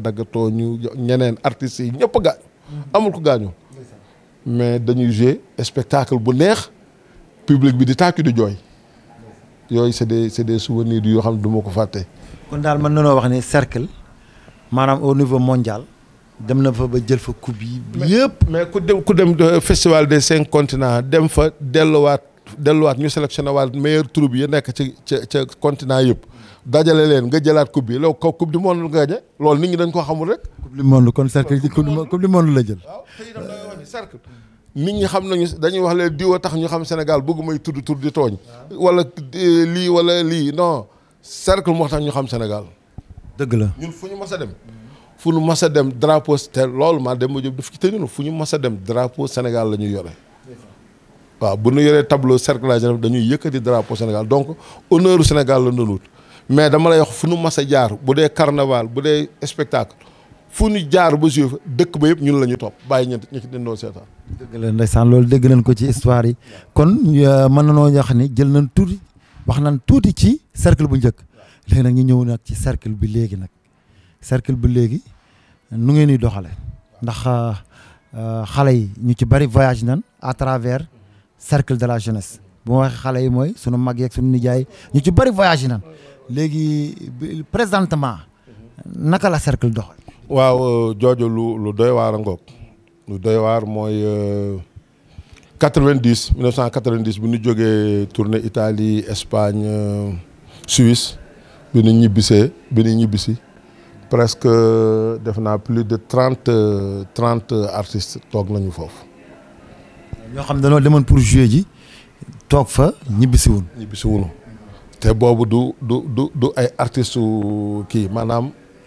mais dañuy jouer spectacle bu public bi di yooyu c'est des c'est des souvenirs yoo xam ne du ma ko fàtte. kon daal mën nañoo wax ne cercle maanaam au niveau mondial dem na fa ba jël fa coupe yi. yëpp mais ku dem ku dem euh, festival des cinq continents dem fa delluwaat delluwaat ñu sélectionné waat meilleur troupe yi nekk ci ca ca continent yëpp dajale leen nga jëlaat coupe bi loolu kaw coupe du monde nga gañe loolu nit ñi dañ koo xamul rek. coupe du monde kon cercle coupe du monde la jël. waaw nit ñi xam nañu dañuy wax leen diwa tax ñu xam Sénégal bëgg may tudd tur di tooñ. wala eh, lii walla lii non cercle moo tax ñu xam Sénégal. dëgg la ñun fu ñu mas a dem. fu ñu mas a dem drapeau te loolu maa dem ba jóg daf ci tëjunu fu ñu mas a dem drapeau Sénégal la ñuy yore. waaw bu nu yoree tableau cerclage dañuy yëkkati drapeau Sénégal donc honneur Sénégal la ñu doon wut mais dama lay wax fu ñu mas a jaar bu dee carnaval bu dee spectacle. fu ñu jaar ba suuf dëkk ba yëpp ñun la ñu topp bàyyi ñett ñi ci dendoo seetaan. dëgg la ndeysaan loolu dégg nañ ko ci histoire yi kon euh, mën noo wax ni jël nañ tuuti wax nan tuuti ci cercle bu njëkk léegi nag ñu ñëw nag ci cercle bi léegi nag cercle bi léegi nu ngeen di doxale ndax euh, euh, xale yi ñu ci bari voyage nan à travers cercle de la jeunesse bu waxee xale yi mooy sunu mag yeeg sunu nijaay ñu ci bari voyage nan léegi présentement naka la cercle doxal waaw jooju lu lu doy waar a ngoog lu doy waar mooy 90 euh, 1990 bi ñu jógee tournée Italie Espagne euh, Suisse bi ñu ñibbisee bi ñu ñibbisi presque euh, def naa plus de trente trente artistes toog nañu foofu. ñoo xam ne dañoo demoon pour jouer ji toog fa ñibbisi wun wunu te boobu du du du du ay artistes kii maanaam.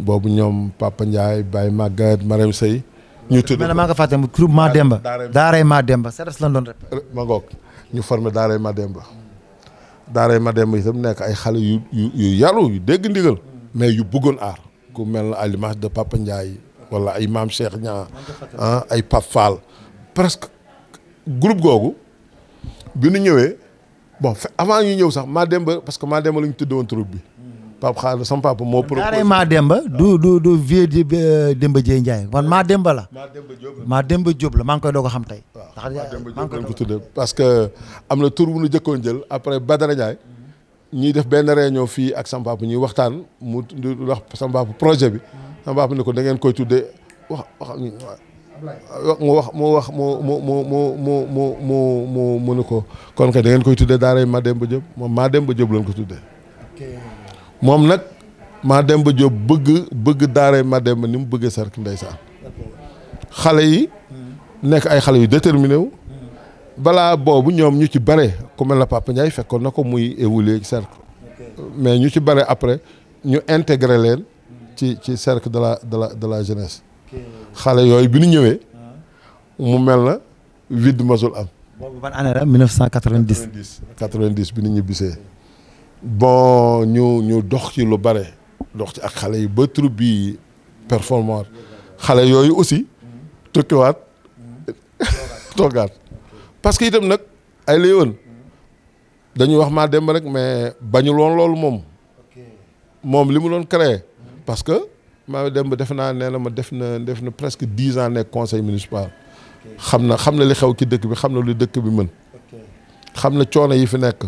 bobu ñom Papa ndjay bay magad maram Sey. ñu tudd man maa nga faté groupe Mademba. Daaray Mademba CRS la doon rek. ma ngoog ñu formé demba Mademba. ma demba itam nek ay xalé yu yu yu yaru yu dégg ndigal. mais yu bëggon ar ku mel de Papa ndjay wala ay mam Cheikh nya hein ah, ay pap Fall. presque groupe gogou bi ñu ñëwé bon avant ñu ñëw sax Mademba parce que Mademba la ñu tuddee won troupe Pape Xaar sama papa moo. proposé daanaka maa Demba du du du vieux di euh, Demba Dieye Ndiaye man maa Demba la. maa Demba Diop la maa Demba Diop la maa ngi koy a xam tey. waaw ko tuddee parce que am na tur bu nu jëkkoon jël après Badara Ndiaye. ñuy def benn réunion fii ak sama papa ñuy waxtaan mu wax sama papa projet bi. sama papa ne ko da ngeen koy tuddee wax wax mu wax mu wax mu mu mu mu ne ko kon da ngeen koy tuddee Daara Mademba Diop moom Mademba Diop lañ ko tuddee. ma dem ba Diop bëgg bëgg daare dem ni mu bëggee Cercle ndeysaan xale yi nek ay xale yu déterminé wu balaa boobu ñoom ñu ci bare ku mel la Papa ñay fekkoon nako muy évoluer ci cercle mais ñu ci bare après ñu intégrer leen ci ci cercle de la de la de la jeunesse xale yoy bi ñu ñëwee mu mel la vide masul am. bobu ban année la 1990. 90 bi ñu ñibbisee. bon ñu ñu dox ci lu bare dox ci ak xale yi ba troupe bi performant xale yooyu aussi tukkiwaat toogaat parce que itam nag ay léewoon dañuy wax maa dem rek mais bañul woon loolu moom moom li mu doon créé parce que maa dem ba def naa nee na ma def na def na presque dix ans nekk conseil municipal xam na xam na li xew ci dëkk bi xam na lu dëkk bi mën xam na coono yi fi nekk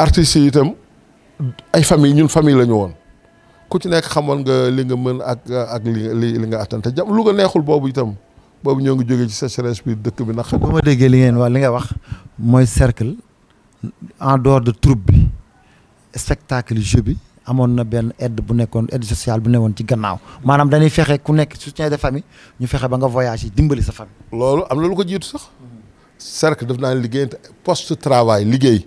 artistes yi itam ay famille ñun famille la ñu woon ku ci nekk xamoon nga li nga mën ak ak li li nga attan te jam lu nga neexul boobu itam boobu ñoo ngi jógee ci sécheresse bi dëkk bi nag. bu ma déggee li ngeen wax nga wax mooy cercle en dehors de troupe bi spectacle jeu bi amoon na benn aide bu nekkoon aide sociale bu newoon ci gannaaw maanaam dañuy fexee ku nekk ci de famille ñu fexe ba nga voyage yi dimbali sa famille. loolu am na lu ko jiitu sax. cercle daf naa liggéeyante poste travail liggéey.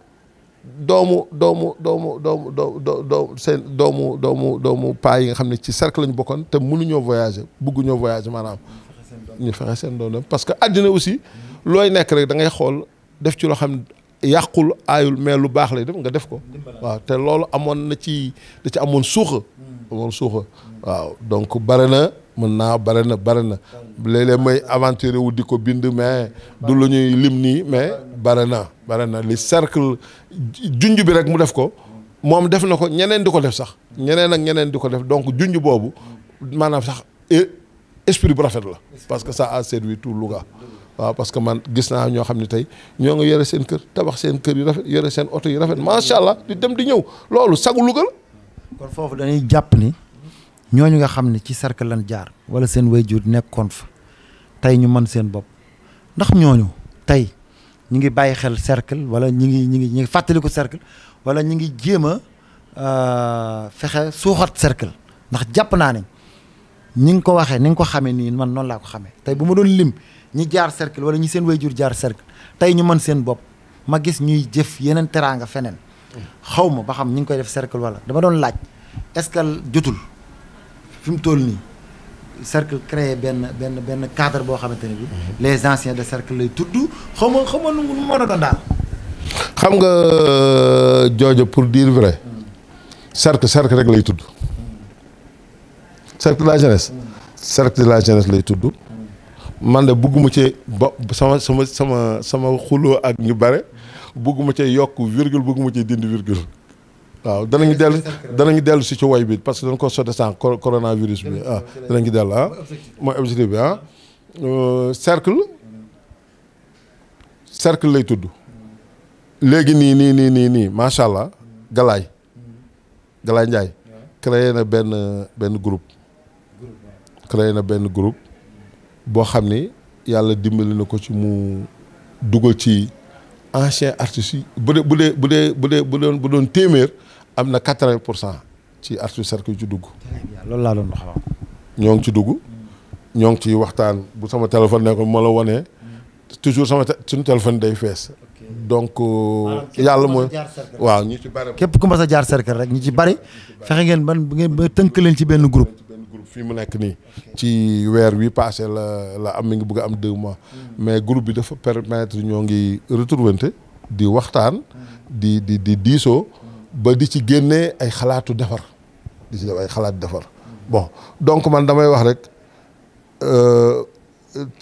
doomu doomu doomu doomu doo doo seen doomu doomu doomu paa yi nga xam ne ci cercle lañu bokkoon te mënuñoo voyager bëgguñoo voyager am ñu fexe seen doom dem parce que àddina aussi. looy nekk rek da ngay xool def ci loo xam ne yàqul aayul mais lu baax lay def nga def ko. waaw te loolu amoon na ci da ci amoon suuxa. Hmm. amoon suuxa waaw donc bare na. mën barana barana na les may wu mais du luñuy limni mais barana barana cercle je bi rek mu def ko mom def nako ñeneen def sax ak def donc bobu sax e, esprit bu rafet la parce que ça a servi tout Louga wa parce que man gis na ño xamni tay ño nga yore seen kër tabax seen kër yu rafet yore seen yu di dem di ñew lolu sagu Louga kon les dañuy ni ñooñu nga xam ne ci cercle lan jaar wala seen wayjur nekkoon fa tey ñu man seen bopp ndax ñooñu tey ñu ngi bàyyi xel cercle wala ñu ngi ñu ngi ñu ngi fàttaliku wala ñu ngi jéem a euh, fexe suuxat cercle ndax jàpp naa ne ñi nga ko waxee ni nga ko xamee nii man noonu laa ko xamee tey bu ma doon lim ñi jaar cercle wala ñi seen wayjur jaar cercle tey ñu mën seen bopp ma gis ñuy jëf yeneen teraanga feneen mm. xawma ma ba xam ñu ngi koy def cercle wala dama doon laaj est-ce que jotul fi tolni cercle créé ben ben ben cadre bo xamanteni bi mhm. les anciens de cercle lay tudd xaw ma nu mu mën a xam nga euh, jojo pour dire vrai cercle cercle rek lay tudd cercle de la jeunesse. cercle de la jeunesse lay tudd. man de bëgguma ci sama sama sama sama xulo ak ñu bare bëgguma ci yok virgule bëgguma ci dind virgule. waaw danañu dellu danañu dellu si ci woy bi parce que dañ ko sote sànq coronavirus bi ah danañu dellu ah mooy objectif bi ah euh, cercle cercle lay tudd léegi nii nii nii nii nii macha allah Galaay Galaay Ndiaye créé na benn benn groupe créé na benn groupe boo xam ni yàlla dimbali na ko ci mu dugal ci ancien artistes yi bu dee bu dee bu dee bu dee bu doon bu doon téeméer am na quatre-vingt pour cent ci artu cercle yu ci dugg. loolu laa doon wax ñoo ngi ci dugg. ñoo ngi ciy waxtaan bu sama téléphone ne ko ma la wanee toujours sama suñu téléphone day fees. donc euh, ah, yàlla mooy waaw ñu ci bari. képp ku mas a jaar cercle rek ñu ci bari fexe ngeen ban bu ngeen ba tënk leen ci benn groupe. groupe fii mu nekk nii. ci weer wi passé la la am mi ngi bugg am deux mois. Hmm. mais group bi dafa permettre ñoo ngi retrouvante di waxtaan. Hmm. di di di diisoo. ba di ci génnee ay xalaatu defar di ci def ay xalaatu defar bon donc man damay wax rek euh,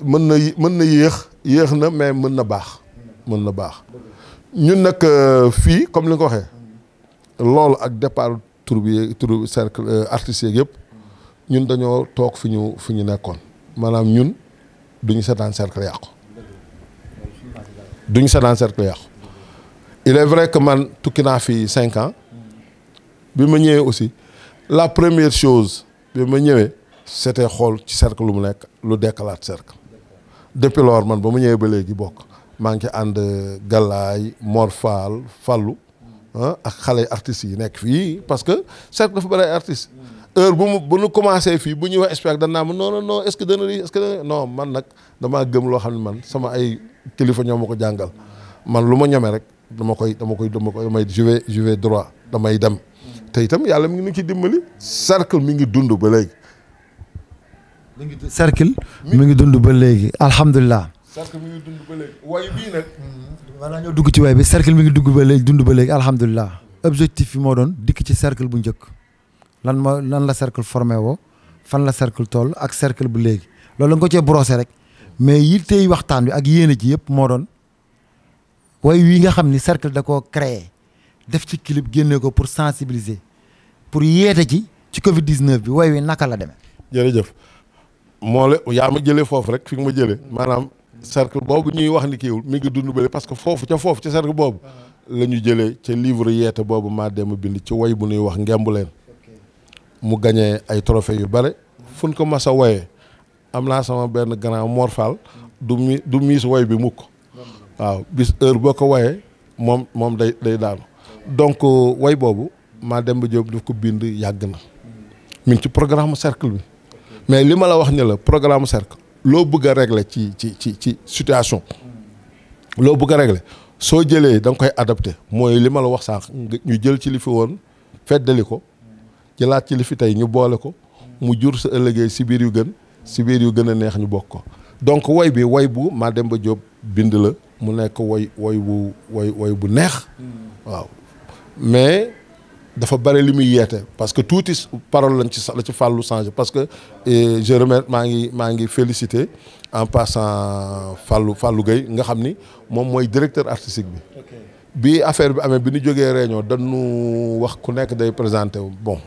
mën na mën na yéex yéex na mais mën na baax mën na baax ñun nag euh, fii comme li nga waxee loolu ak départ tur bi tur cercle euh, artistes yeeg yëpp ñun dañoo toog fi ñu fi ñu nekkoon maanaam ñun duñu seetaan cercle yàqu duñu seetaan cercle yàqu il est vrai que man tukki naa fait cinq ans bi ma aussi la première chose bi ma c'était xool ci cercle lu le nekk lu cercle depuis lors man ba ma ñëwee ba léegi bokk Man ngi ci ànd Galaay Mor Fall Fallou ah, ak xale artistes yi nekk parce que cercle dafa bëri artiste. artistes heure bon mu bu ñu commencé fii bu ñuy wax spectacle non non non est-ce que dana est-ce que non man nak, damaa gëm loo xam ne man sama ay kilifa ñoo ma man lu ma ñeme rek dama koy dama koy dama koy je vais je vais droit damay dem te itam yàlla mi ngi nu ci dimbali cercle mi ngi dund ba léegi ngi cercle mi ngi dund ba léegi alhamdulilah cercle mi ngi dund ba léegi way bii nag maanaam hmm. ñoo dugg ci way bi cercle mi ngi dugg ba léegi dund ba léegi alhamdulilah objectif bi moo doon dikk ci cercle bu njëkk lan ma lan la cercle formé woo fan la cercle toll ak cercle bu léegi loolu nga ko cee brosser rek mais yittey waxtaan wi ak yéene ji yëpp moo doon way wii nga xam ni cercle da koo créé def ci clip génne ko pour sensibiliser pour yeete ci ci Covid 19 bi way wi naka la demee. jërëjëf moo la yaa ma jëlee foofu rek fi ma jëlee maanaam cercle boobu ñuy wax ni kiiwul mi ngi dund bële parce que foofu ca foofu ca cercle boobu la ñu jëlee ca livre yeete boobu maa dem bind ci way bu ñuy wax ngemb leen mu gañee ay trophée yu bare fu ko mas a woyee am naa sama benn grand morfal du mi du miis woy bi mukk waaw bis heure boo ko woyee moom moom day day daanu donc euh, way boobu dem Mademba Diop daf ko bind yàgg na mi ngi ci programme cercle bi mais li ma la wax ni la programme cercle loo bugg a régler ci ci ci ci situation loo bëgg a régler soo jëlee da nga koy adapté mooy li ma la wax sànq ñu jël ci li fi woon feddali ko jëlaat ci li fi tey ñu boole ko mu jur si ëllëgee si biir yu gën si biir yu gën a neex ñu bokk ko donc woy bi woy bu dem ba jóob bind la mu nekk way way bu way way bu neex waaw mais dafa bare li muy yeete parce que tuuti parole lañ ci la ci fàllu changé parce que eh, je remercie maa ngi maa ngi félicité en passant Fallou Fallou Gueye nga xam ni moom mooy directeur artistique bi bi affaire bi amee bi ñu jógee réunion dañu wax ku nekk day présenté bon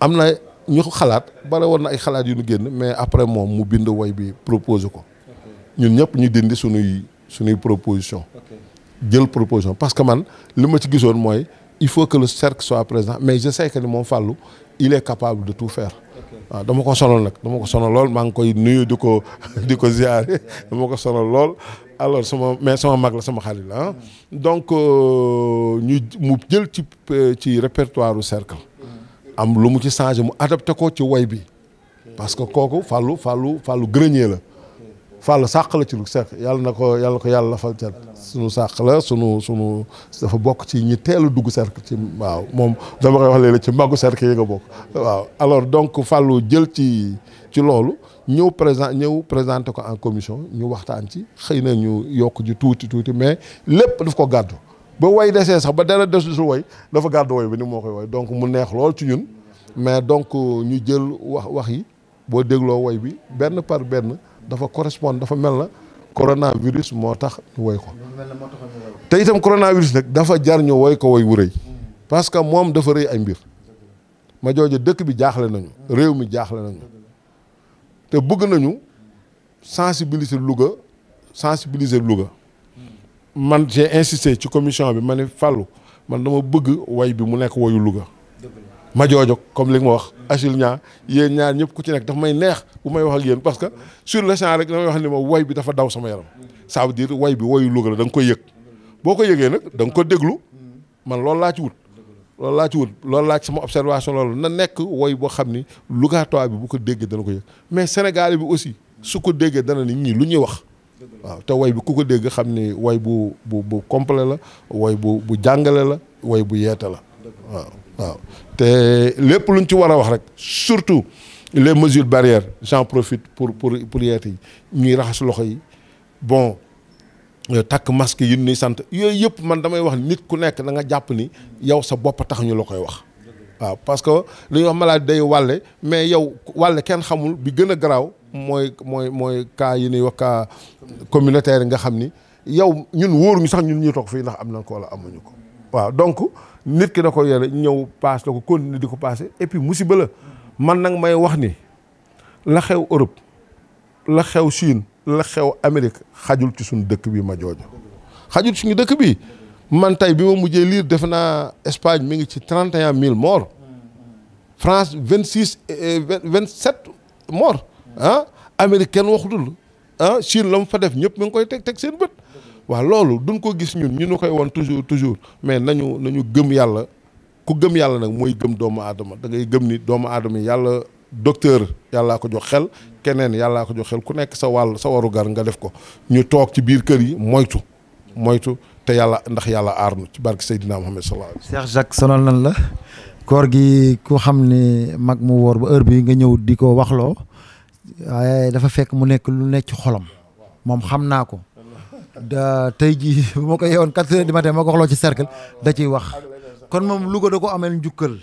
am na ñu xalaat bare woon na ay xalaat yu ñu génn mais après moom mu bind way bi proposé ko ñun ñëpp ñu dindi suñuy c'est une proposition jël proposition parce que man li ma ci gisoon mooy il faut que le cercle soit présent mais je sais que ni moom Fallou il est capable de tout faire waaw ah, dama ko sonal nag dama ko sonal lool maa ngi koy nuyu di ko di ko ziare dama ko sonal lool alors sama mais sama mag la sama xarit la ah. donc euh, ñu mu jël ci euh, ci répertoire u cercle am lu mu ci changé mu adapté ko ci woy bi parce que kooku Fallou Fallou Fallou grenier la fàll sàq la ci lu seq yàlla na ko yàlla ko yàlla fal cat sunu sàq la sunu sunu dafa bokk ci ñi teelu a dugg cercle ci waaw moom dama koy wax léeg ci màggu cercle yi nga bokk waaw alors donc fàllu jël ci ci loolu ñëw présent ñëw présenté ko en commission ñu waxtaan ci xëy na ñu yokk ji tuuti tuuti mais lépp daf ko gàddu ba woy desee sax ba dara desul woy dafa gàddu woy bi ni moo koy woy donc mu neex lool ci ñun mais donc ñu jël wax wax yi boo dégloo woy bi benn par benn dafa correspond dafa mel na coronavirus moo tax ñu woy ko te itam coronavirus nag dafa jar ñu woy ko woy wu rëy parce que moom dafa rëy ay mbir ma jooju dëkk bi jaaxle nañu réew mi jaaxle nañu te bëgg nañu sensibiliser Louga sensibiliser Louga man j'ai insisté ci commission bi ma ne fàllu man dama bëgg woy bi mu nekk woyu Louga ma joojo comme li ma wax Achille ñaar yéen ñaar ñëpp ku ci nekk daf may neex bu may waxal ak yéen parce que sur le champ rek damay wax ni ma woy bi dafa daw sama yaram ça veut dire woy bi woyu Louga la da koy yëg boo ko yëgee nag da nga ko déglu man loolu laa ci wut loolu laa ci wut loolu laa ci sama observation loolu na nekk woy boo xam ni Lougaatois bi bu ko déggee dana ko mais Sénégalais bi aussi su ko déggee dana ni ñii lu ñuy wax waaw te woy bi ku ko dégg xam ni woy bu bu bu complet la woy bu bu jàngale la woy bu yeete la waaw te lépp luñ ci war a wax rek surtout les mesures barrières j'en profite pour pour pour yeete yi ñuy raxas loxo yi bon euh, takk masque yi ñuy sant yooyu yëpp man damay wax nit ku nekk da nga jàpp ni yow sa bopp tax ñu la koy wax. waaw parce que li ñuy wax maladie day wàlle mais yow wàlle kenn xamul bi gën a garaaw mooy mooy mooy cas yi ñuy wax cas communautaire yi nga xam ni yow ñun wóoruñu sax ñun ñuy toog fii ndax am nañ ko wala amuñu ko waaw nit ki da ko yore ñëw paas la ko continuer di ko paase et puis musiba la man nag may wax ni la xew Europe la xew Chine la xew Amérique xajul ci suñ dëkk bii ma xajul suñu dëkk bi man tey bi ma mujjee liir defe naa Espagne mi ngi ci trente et un mille morts France vingt six eh, vingt sept morts ah Amérique kenn waxutul ah Chine la mu fa def ñëpp mi ngi koy teg teg seen bët waaw loolu duñ ko gis ñun ñu nu koy won toujours toujours mais nañu nañu gëm yàlla ku gëm yàlla nag mooy gëm doomu aadama da ngay gëm ni doomu aadama yi yàlla docteur yàllaa ko jox xel keneen yàllaa ko jox xel ku nekk sa wàll sa warugar nga def ko ñu toog ci biir kër yi moytu moytu te yàlla ndax yàlla aar nu ci barke Seydina Muhammad sallallahu alayhi Cheikh Jacques sonal nan la koor gi ku xam ne mag mu woor ba heure bi nga ñëw di ko waxloo waaye dafa fekk mu nekk lu nekk ci xolom moom xam naa ko tay ji bu mako yewon yeewoon quatre heures du matin ci cercle da ci wax kon moom Louga da ko ameel njukkal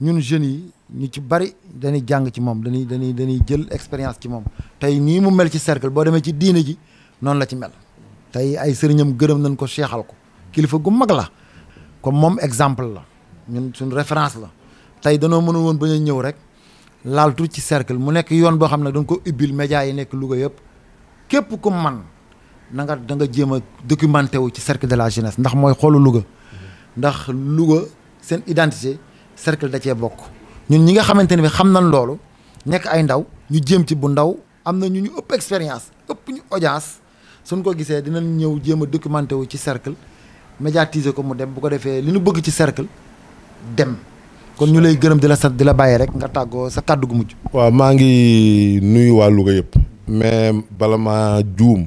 ñun jeune yi ñu ci bari dañi jang ci mom dañi dañi dañi jël experience ci mom tay ni mu mel ci cercle bo demee ci diiné ji non la ci mel tay ay serignam gëreem nañ ko seexal ko kilifa gu mag la comme mom exemple la ñun sun référence la tay dañu mënu won bañu ñëw rek laal ci cercle mu nek yoon bo xamne dañ ko ubil média yi yépp képp ku man na nga da nga jéem a documenté wu ci cercle de la jeunesse ndax mooy xoolu Louga ndax Louga seen identité cercle da cee bokk ñun ñi nga xamante ne bi xam nañ loolu nekk ay ndaw ñu jéem ci bu ndaw am na ñu ñu ëpp expérience ëpp ñu audience suñ ko gisee dina ñëw jéem a documenté wu ci cercle médiatiser ko mu dem bu ko defee li ñu bëgg ci cercle dem kon ñu lay gërëm di la sant di la bàyyi rek nga tàggoo sa kàddu gu mujj. waaw maa ngi nuyu waa Louga yëpp. mais bala maa juum.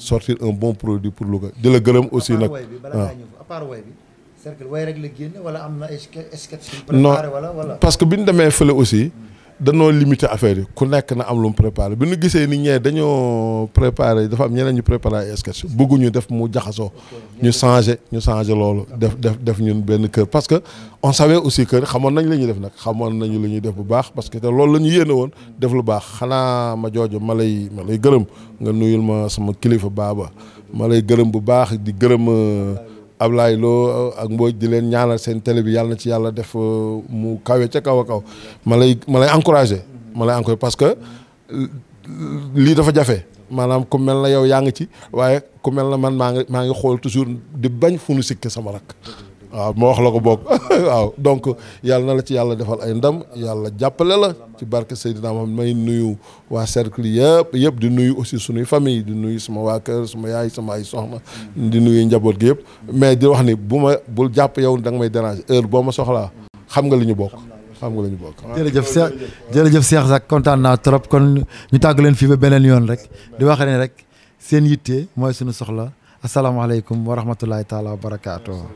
sortir un bon produit pour Louga di la gërëm aussi nag waaw cercle way rek la génn wala am na wala wala parce que bi ñu demee fële aussi. limité affaire ku nekk na am lu préparé bi ñu ni ñee dañoo préparé dafa am ñeneen ñu préparé ay sketch bëgguñu def mu jaxasoo ñu changé ñu changé loolu def def ñun kër parce que on savait aussi que xamoon nañ la ñuy def nag xamoon nañu def bu baax parce que loolu la ñu def lu baax xanaa ma jojo ma ma gërëm nga nuyul ma sama kilifa baaba ma gërëm bu baax di gërëm euh, Ablaye loo ak Mbodj di leen ñaanal seen télé bi yàlla na ci yàlla def euh, mu kawe ca kaw a kaw ma lay ma lay encouragé ma lay encouragé parce que euh, lii dafa jafe maanaam ku mel na yow yaa ngi ci waaye ku mel na man maa ngi maa ngi xool toujours di bañ fu nu sikke sama rakk waaw ma wax la ko bokk waaw donc yàlla na la ci yàlla defal ay ndam yàlla jàppale la ci barke Seydina Mohamed may nuyu waa cercle yëpp yëpp di nuyu aussi sunuy famille di nuyu suma waa kër sama yaay sama ay soxna di nuyu njaboot gi yëpp mais di wax ni bu ma bul jàpp yow da nga may déranger heure boo ma soxlaa xam nga li ñu bokk xam nga la ñu bokk. jërëjëf Cheikh jërëjëf Cheikh Zak kontaan naa trop kon ñu tàgg leen fii ba beneen yoon rek di wax ne rek seen yitte mooy sunu soxla asalaamaaleykum wa rahmatulahi taala wa barakaatu.